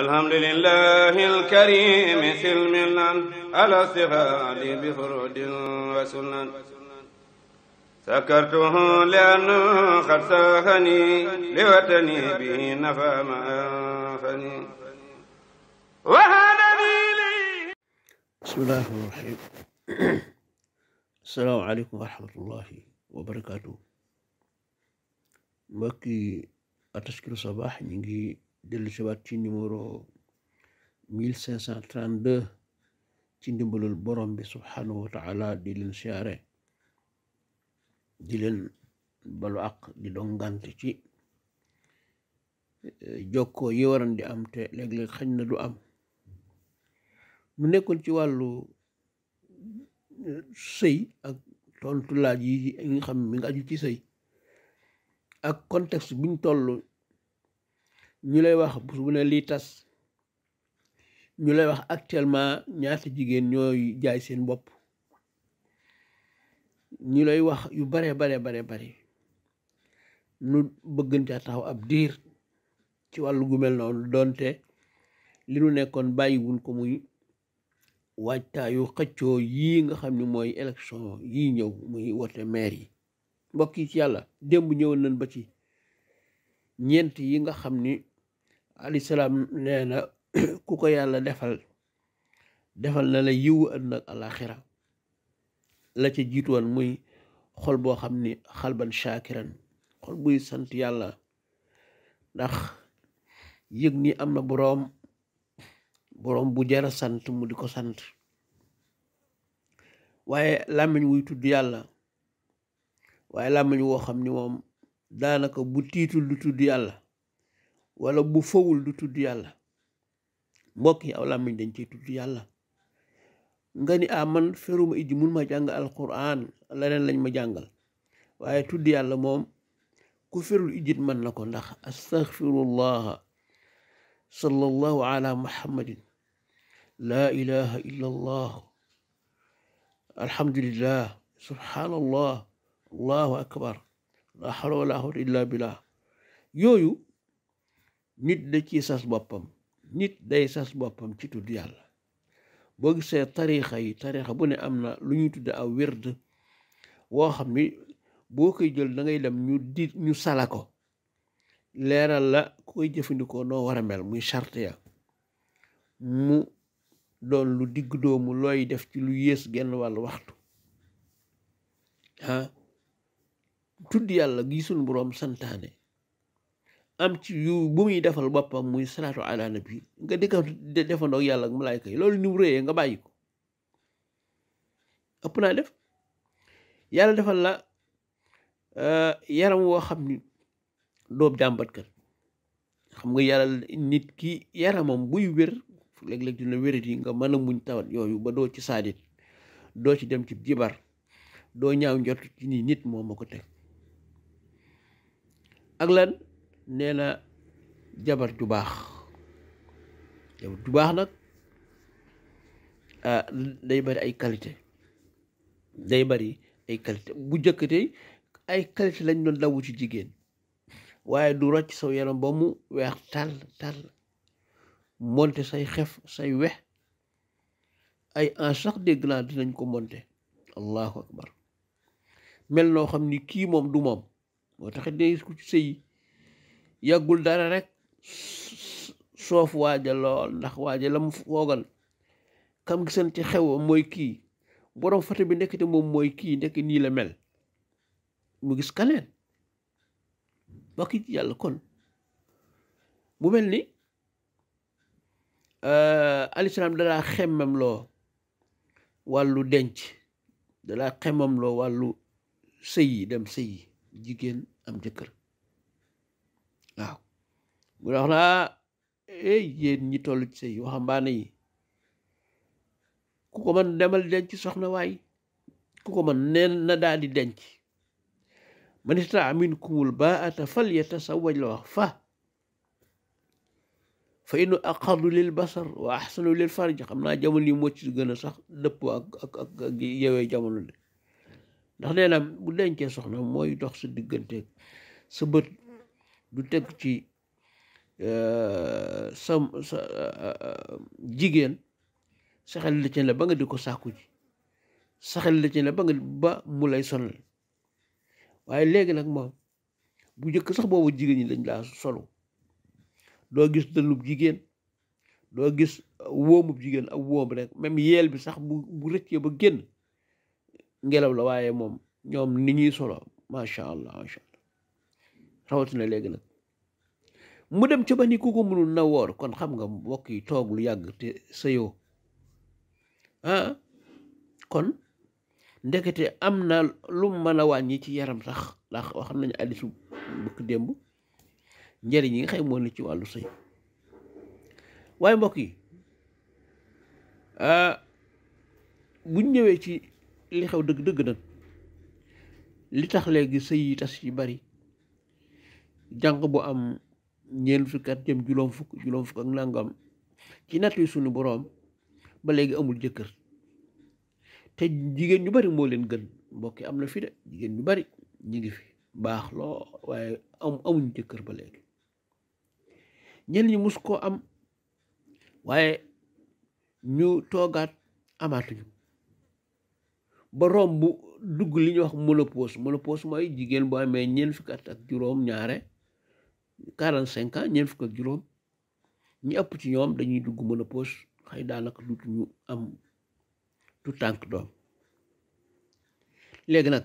الحمد لله الكريم سلم على استغال بفرود وسنن سكرته لأنه قد ساخني لوطني به نفى ما أنفني وهذا لي بسم الله الرحمن الرحيم السلام عليكم ورحمة الله وبركاته mbokki Ataskiru Sabah ñi ngi dellu si waat ci numéro 1532 ci ndimbalul borom bi subhanahu wa taala di leen siyaare di leen ak di dongante ci eh, jokkoo yi waran di am te léeg-léeg xañ na du am mu nekkoon ci wàllu eh, sëy ak tontu laaj yi nga xam mi ci sëy ak contexte biñ ñu lay wax bés bu ne lii tas ñu lay wax actuellement ñaata jigéen ñooy jaay seen bopp ñu lay wax yu bare bare bare bari nu bëggante taxaw ab diir ci wàllu gu mel noonu doonte li nu nekkoon bàyyiwun ko muy waajtaayu xëccoo yii nga xam ni mooy élection yii ñëw muy wote maire yi mbokk yi ci yàlla démb ñëwoon nañ ba ci ñeent yi nga xam ni alayhi salaam nee na ku ko yàlla defal defal na la yiwu àdduna ak alaxira la ci jiitoon muy xol boo xam ni xalban shakiran xol buy sant yàlla ndax yëg ni am na buroom boroom bu jara sant mu di ko sant waaye làmmiñ wuy tudd yàlla waaye làmmiñ woo xam ni moom daanaka bu tiitul lu tudd yàlla wala bu fawul du tudd yàlla mbokk yi aw làmmiñ dañ ciy tudd yàlla nga ni ah man feruma ijji mun ma jàng alquran leneen lañ ma jàngal waaye tudd yàlla moom ku ferul ijjit man na ko ndax astaghfirullah sallallahu ala muhammadin allah alhamdulillah akbar la hawla wala quwwata illa billah yooyu nit da ci sas boppam nit day sas boppam ci tudd yàlla boo gisee tariixa yi tariixa bu ne am na lu ñuy tudd aw wird woo xam ni boo koy jël dangay dem ñu di ñu sala ko leeral la koy jëfandikoo noo war a mel muy charte ya mu doon lu digg doomu looy def ci lu yées genn wàllu waxtu ah, tudd yàlla gi sunu boroom santaane am ci yu bu muy defal boppam muy salaatu ala nabi nga dëkka defandoog yàlla ak malaayka yi loolu ni mu réyee nga bàyyi ko ëpp naa def yàlla defal la eh, yaram woo xam ni doob jàmbatkat xam nga yàlla nit ki yaramam buy wér léeg-léeg dina wérat yi nga mën a muñ tawat yooyu ba doo ci saadit doo ci dem ci jibar doo ñaaw njot ci nit moo ma ko teg nee na jabar ju baax jabar nag ah, day bari ay qualité day bari ay qualité bu njëkk ay qualité lañ doon dawu ci jigéen waaye du rocc saw yaram ba mu weex tàll tàll monte say xef say wex ay en sax dégg naa dinañ ko monte allahu akbar mel noo xam ni kii moom du moom moo taxit day ko ci yàggul dara rek soof waaja lool ndax waaja la mu foogal kam gisan ci xew mooy kii borom foto bi nekk te moom mooy kii nekk nii la mel mu gis kaneen mbokk yi yàlla kon mu mel ni eh, alisalaam dalaa xemmam loo wàllu denc dalaa xemmam loo wàllu sëy yi dem jigéen am jëkkër waaw bu wax naa ey yéen ñi toll ci sëy waxambaane yi ku ko mën demal denc soxna waay ku ko mën neen na daal di denc man istaa minkumul baata fal yatasawaj la wax fa fa inu aqardu lil basar wa ahsanu lil farj xam naa jamono yi moo ci gën a sax dëppoo ak ak ak yewee jamono de ndax nee bu dencee soxna mooy dox sa digganteeg sa bët du teg ci euh, sa sa euh, jigéen sa xel la ci ne la ba nga di ko sàkku ji sa xel la ci ne la ba nga ba mu lay sonal waaye léegi nag moom bu njëkk sax boobu jigéen ñi dañ laa solu doo gis dënnub jigéen doo gis euh, wóomub jigéen ak wóom rek même yeel bi sax bu bu rëccee ba génn ngelaw la waaye moom ñoom ni ñuy solo macha allah macha allah rawatina léegi nag mu dem ca ku ko mënul na woor kon xam nga mbokk yi toog lu yàgg te sëyoo ah kon ndekete am na lu mën a wàññi ci yaram sax ndax wax nañu addisu bëkk démb njëriñ yi nga xam moo ne ci wàllu sëy waaye mbokk yi ah buñ ñëwee ci li xew dëgg-dëgg nag li tax léegi sëy yi tas yi bari jànq bu am ñeent fukki juróom fukk juróom fukk ak nangam ci natt yi suñu boroom ba léegi amul jëkkër te jigéen ñu bari moo leen gën mbokk yi am na fi de jigéen ñu bari ñu ngi fi baax loo waaye am amuñ jëkkër ba léegi ñenn ñi mus koo am waaye ñu toogaat amaatuñu ba romb dugg li ñuy wax ménopause ménopause mooy jigéen bu amee ñeent fukki ak juróom ñaare quarante cinq ans ñeent fukk ak juróom ñi ëpp ci ñoom dañuy dugg mën ménopause xëy daanaka du ñu am tu tànk doom léegi nag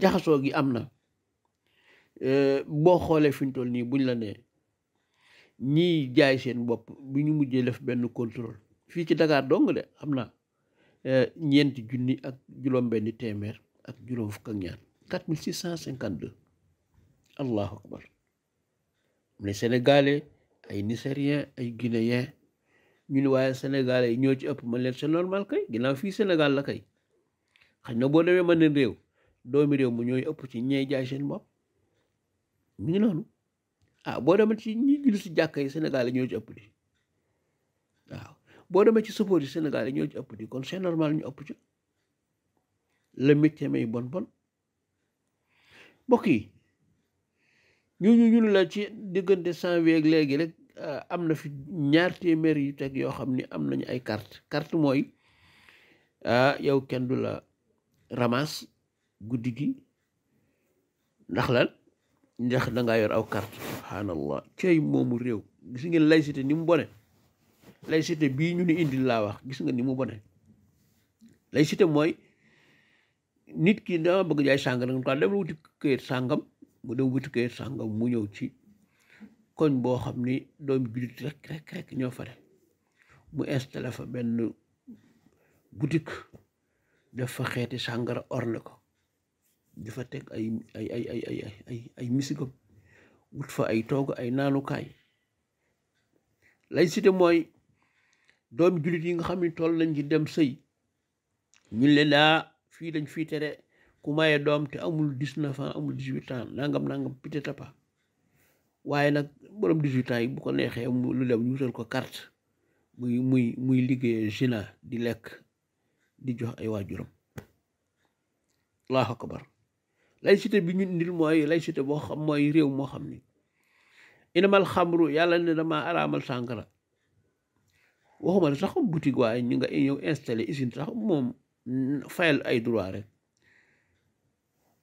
jaxasoo gi am na euh, boo xoolee fi ñu toll nii buñ la nee ñiy jaay seen bopp bu ñu mujjee def benn contrôle fii ci Dakar dong de am na euh, ñeenti junni ak juróom benn téeméer ak juróom fukk ak ñaar quatre mille six allahu akbar les sénégalais ay nigériens ay guinéens ñu ne waaye sénégalais yi ñoo ci ëpp man leen c'est normal kay ginnaaw fii sénégal la kay xañ na boo demee mën réew doomi réew mu ñooy ëpp ci ñey jaay seen bopp ñu ngi noonu ah boo demee ci ñi si jàkka yi ñoo ci ëpp di boo demee ci support yi sénégal yi ñoo ci ëpp di kon c'est normal ñu ëpp ci la métier may bon bon mbokk yi ñu ñu ñu la ci diggante janvier ak léegi rek ah, am na fi ñaar téeméer yu teg yoo xam ni am nañu ay carte carte mooy ah, yow kenn du la ramas guddi gi ndax lan njax da yor aw carte subhanallah cey moomu réew gis ngeen laïcité ni mu bone laïcité bii ñu ni indil wax gis nga ni mu bone laïcité mooy nit ki dama bëgg jaay sàngara nga dem sàngam mu dem wuti kayit sàngam mu ñëw ci koñ boo xam ni doom jullit rek rek rek ñoo fa ne mu installé fa benn boutique def fa xeeti sàngara orne ko di fa teg ay ay ay ay ay ay ay misigam wut fa ay toog ay naanukaay laïcité mooy doom jullit yi nga xam ni toll nañ ci dem sëy ñu leen laa fii dañ fii tere ku maye doom te amul dix-neuf amul dix-huit ans nangam nangam pite tapa waaye nag borom dix-huit ans yi bu ko neexee lu dem ñu wutal ko carte muy muy muy liggéey zina di lekk di jox ay waajuram allahu akbar laïcité bi ñu indil mooy laïcité boo xam mooy réew moo xam ni inamal xamru yàlla ne dama araamal sàngara waxuma ne sax boutique waaye ñu nga ñëw installé usine sax moom fayal ay droit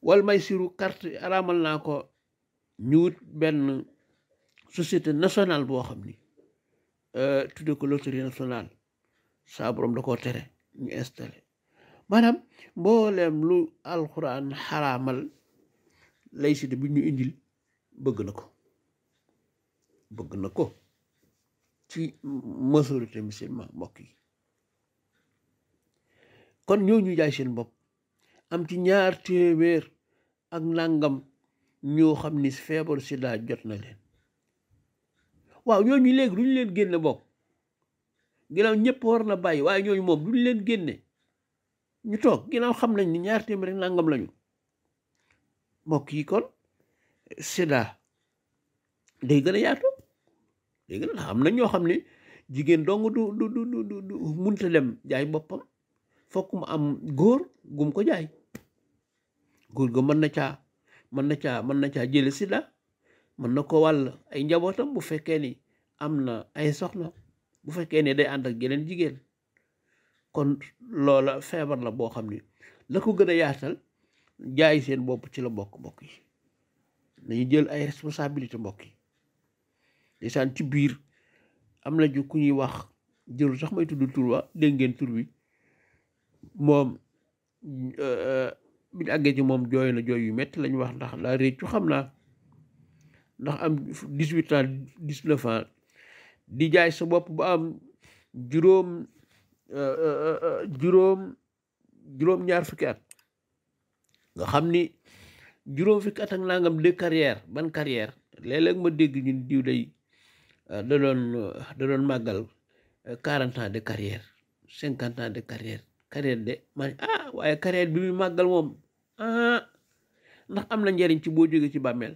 wal may siru carte araamal naa ko ñu wut benn societé nationale boo xam ni euh, tudde ko loterie nationale saa borom da koo tere ñu installé maanaam mbooleem lu alxuraan xaraamal laïcité bi ñu indil bëgg na ko bëgg na ko ci majorité musulman mbokk yi kon ñoo ñu jaay seen bopp am ci ñaar téeméer ak nangam ñoo xam ni feebaru sida jot na leen waaw ñooñu léegi duñu leen génne bokk ginnaaw ñëpp war na bàyyi waaye ñooñu moom duñu leen génne ñu toog ginnaaw xam nañ ni ñaar téeméer rek nangam lañu mbokk yi kon sida day gën a yaatu day gën a am na ñoo xam ne jigéen dong du du du du jaay boppam fokk mu am góor gum ko jaay góor ga mën na caa mën na caa mën na caa jële sida mën na ko wàll ay njabootam bu fekkee ni am na ay soxna bu fekkee ne day ànd ak yeneen jigéen kon loola feebar la boo xam ni la ko gën a yaatal jaay seen bopp ci la bokk mbokk yi nañu jël ay responsabilité mbokk yi ndeysaan ci biir am na ju ku ñuy wax jël sax may tudd tur wa dégg ngeen tur bi moom euh, euh, biñu àggee ci moom jooy na jooy yu metti lañu wax ndax laa réccu xam na ndax am dix huit ans dix neuf ans di jaay sa bopp ba am juróom euh, euh, euh, juróom juróom ñaar fukki at nga xam ni juróom fukki at ak nangam de carrière ban carrière léeg-léeg ma dégg ñun diw day da doon da màggal quarante ans de carrière cinquante ans de carrière carrière de ma ah waaye carrière bi muy màggal moom ndax am na njariñ ci boo jógee ci bàmmeel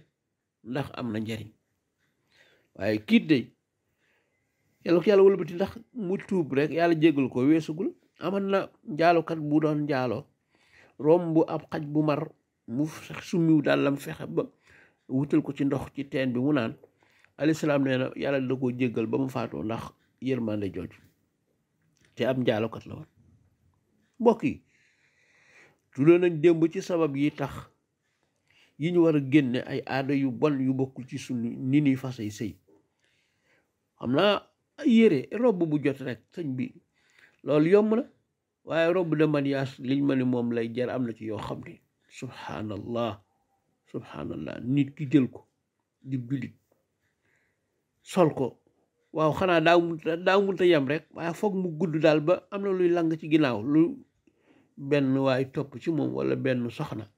ndax am na njariñ waaye kiit day yàlla ko yàlla wëlbati ndax mu tuub rek yàlla jégal ko weesugul aman na njaalokat bu doon njaaloo romb am xaj bu mar mu summiw daal lam fexe ba wutal ko ci ndox ci teen bi mu naan alayhi salaam nee yàlla da koo ba mu faatoo ndax yërmande jooju te ab njaalokat la woon mbokk yi tuddoo nañ démb ci sabab yi tax yi ñu war a génne ay aada yu bon yu bokkul ci sunu ni ni fasay sëy xam naa yére robb bu jot rek sëñ bi loolu yomb na waaye robb de mariage liñ ma ne moom lay jar am na ci yoo xam ne subhanallah subhanallah nit ki jël ko di jullit sol ko waaw xanaa daaw mun daa munta yem rek waaye foog mu gudd daal ba am na luy lang ci ginnaaw lu benn waay topp ci moom wala benn soxna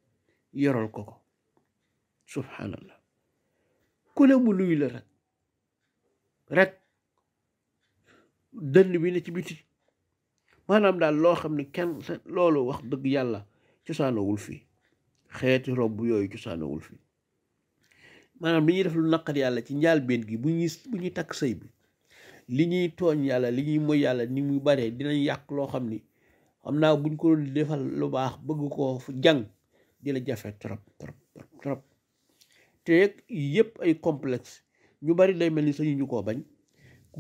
yoral ko ko subhanallah ku ne mu luy la rek rek dënn bi ne ci biti maanaam daal loo xam ne kenn loolu wax dëgg yàlla cosaanawul fii xeeti robb yooyu cosaanawul fii maanaam li ñuy def lu naqar yàlla ci njaalbeen gi bu ñuy bu ñuy takk sëy bi li ñuy tooñ yàlla li ñuy moy yàlla ni muy baree dinañ yàq loo xam ni xam naa buñ ko defal lu baax bëgg koo jàng di la jafe trop trop trop te yëpp ay complexe ñu bari day mel ni sañuñu ko koo bañ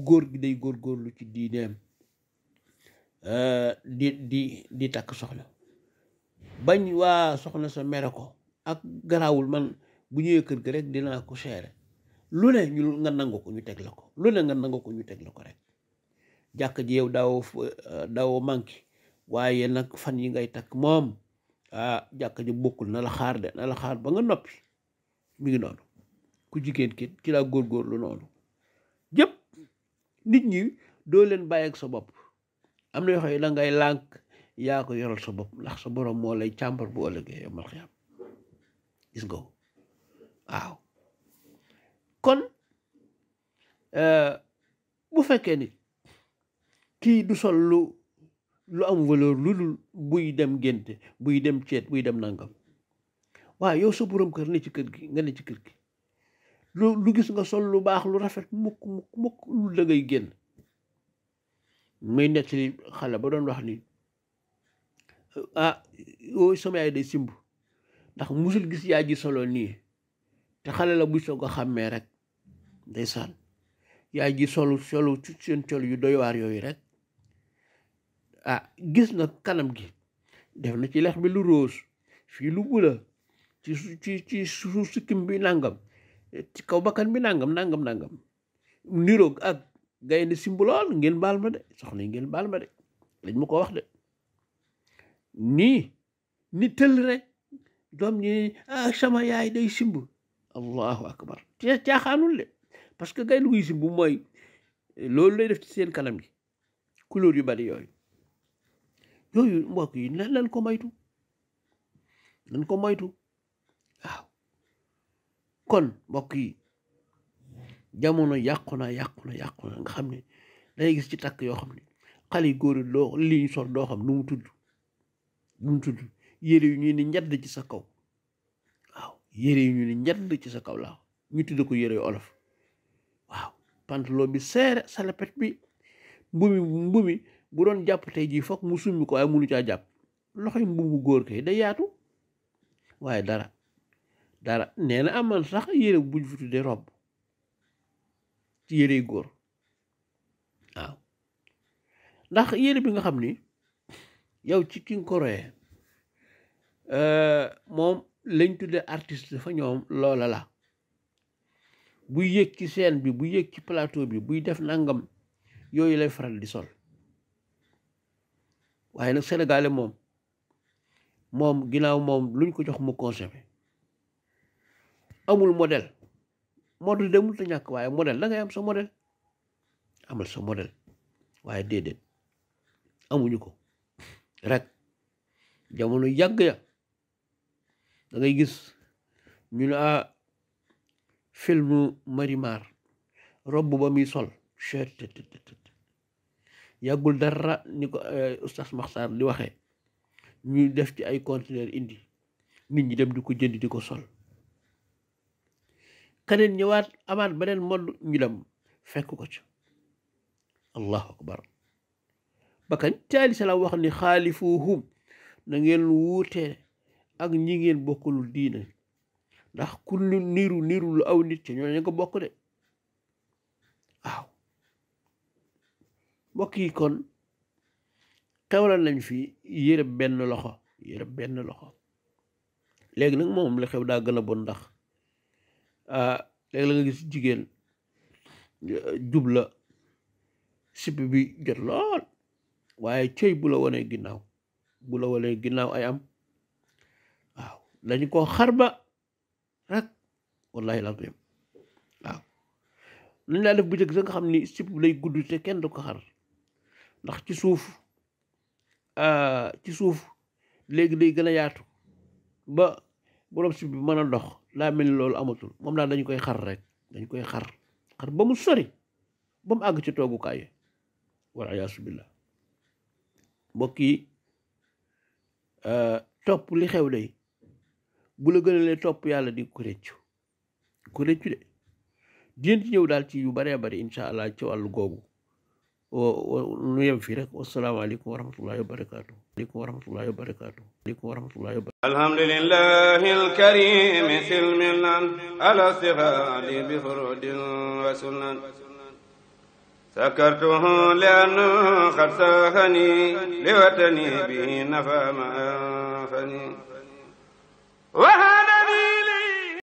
góor gi day góor góorgóorlu ci diineem eh, di di di takk soxla bañ waa soxna sa mere ko ak garawul man bu ñëwee kër gi rek dinaa ko seere lu ne ñu nga nangu ko ñu teg la ko lu ne nga nangu ko ñu teg la ko rek jàkk ji yow daawoo eh, daawoo manqué waaye nag fan yi ngay takk moom ah jàkka ji bokkul na la xaar de na la xaar ba nga noppi mu ngi noonu ku jigéen ki ci laa góorgóorlu noonu jëpp nit ñi doo leen bàyyi ak sa bopp am na yoo xam ne da ngay lànk yaa ko yoral sa bopp ndax sa borom moo lay càmbar bu ëllëgee yomal xiyam gis nga waaw kon eh, bu fekkee ni kii du sol lu am valeur lu dul buy dem ngénte buy dem ceet buy dem nangam waaye yow sa borom kër ne ci kër gi nga ci kër gi lu lu gis nga sol lu baax lu rafet mukk mukk mukk lu da ngay génn muy nettali xale ba doon dox ni ah yooyu sama yaay day simb ndax musul gis yaay ji solo nii te xale la buy soog a xàmmee rek ndeysaan yaay ji solu solu seen col yu doy waar yooyu rek ah gis na kanam gi def na ci lex bi lu rose fii lu bula ci ci ci suuf bi nangam ci kaw bakkan bi nangam nangam nangam niroog ak gaynde simb lool ngeen baal ma de soxna yi ngeen baal ma de lañ ma ko wax de nii ni tëll rek doom ñi ak ah, sama yaay day simb allahu akbar ci caaxaanul de parce que gaynde guy simb mooy loolu le def ci seen kanam gi couleur yu bari yooyu yooyu mbokk yi lan ko moytu lan ko moytu kon mbokk yi jamono yàqu na yàqu na yàqu nga xam ne day gis ci takk yoo xam ne xale yu góor yi loo li ñu sol doo xam nu mu tudd nu tudd yére yu ñu ni ñedd ci sa kaw waaw yére yu ñu ni ñedd ci sa kaw laaw ñu tudd ko yére yu olof waaw bi seere salapet bi mbumi mbumi bu doon jàpp tey jii foog mu summi ko waaye munu caa jàpp loxoy mbubu góor kay day yaatu waaye dara dara neena na aman sax yére buñ fi tuddee robb ci yére góor ndax yére bi nga xam ni yow ci ki nga ko royee euh, moom lañ tuddee artiste fa ñoom loola la buy yëg ci scène bi buy yëg plateau bi buy def nangam yooyu lay faral di sol waaye nag sénégalais moom moom ginnaaw moom luñ ko jox mu consommé amul model modèle demul te ñàkk waaye modèle da ngay am sa modèle amal sa modèle waaye déedéet amuñu ko rek jamono yàgg ya da ngay gis ñu film ah filmu Marimar robb ba muy sol chertt yàggul dara ni ko eh, oustaz Maxtaar di waxee ñuy def ci ay conteneur indi nit ñi dem di ko jënd di ko sol keneen ñëwaat amaat beneen modd ñu dem fekk ko ci allahu akbar ba kañ taali salaam wax ni xaalifuhum na ngeen wuute ak ñi ngeen bokkulul diina ndax ku niru niru lu aw nit ci ñoo ñu ko bokk de waaw mbokk yi kon xewlal nañ fi yére benn loxo yére benn loxo léegi nag moom la xew daa gën a bon ndax léegi la nga gis jigéen jubla la bi jot lool waaye cëy bula la wanee ginnaaw bula la wanee ginnaaw ay am waaw dañu koo xarba rek wallahi lazim waaw nañ laa def bu jëkk sa nga xam ni sipp lay gudd te kenn du ko xar ndax ci suuf euh, ci suuf léegi day gën a yaatu ba borom si bi mën a dox laa mel ni loolu amatul moom daal dañu koy xar rek dañ koy xar xar ba mu sori ba mu àgg ci toogukaay yi wala yaasu billah mbokk yi euh, topp li xew day bu la gën a lee topp yàlla di ko réccu ko réccu de dinañ ci ñëw daal ci yu baree bari incha allah ci wàllu googu nu yem fii rek wasalaamaaleykum wa rahmatullahi wa barakaatu aleykum wa rahmatullahi wa barakaatu aleykum wa rahmatullahi wa barakaatu alhamdulillahi alkarimi silmilan alastifaadi bi furudin wa sunan سكرته لأن قد ساهني لوطني به نفى ما أنفني وهذا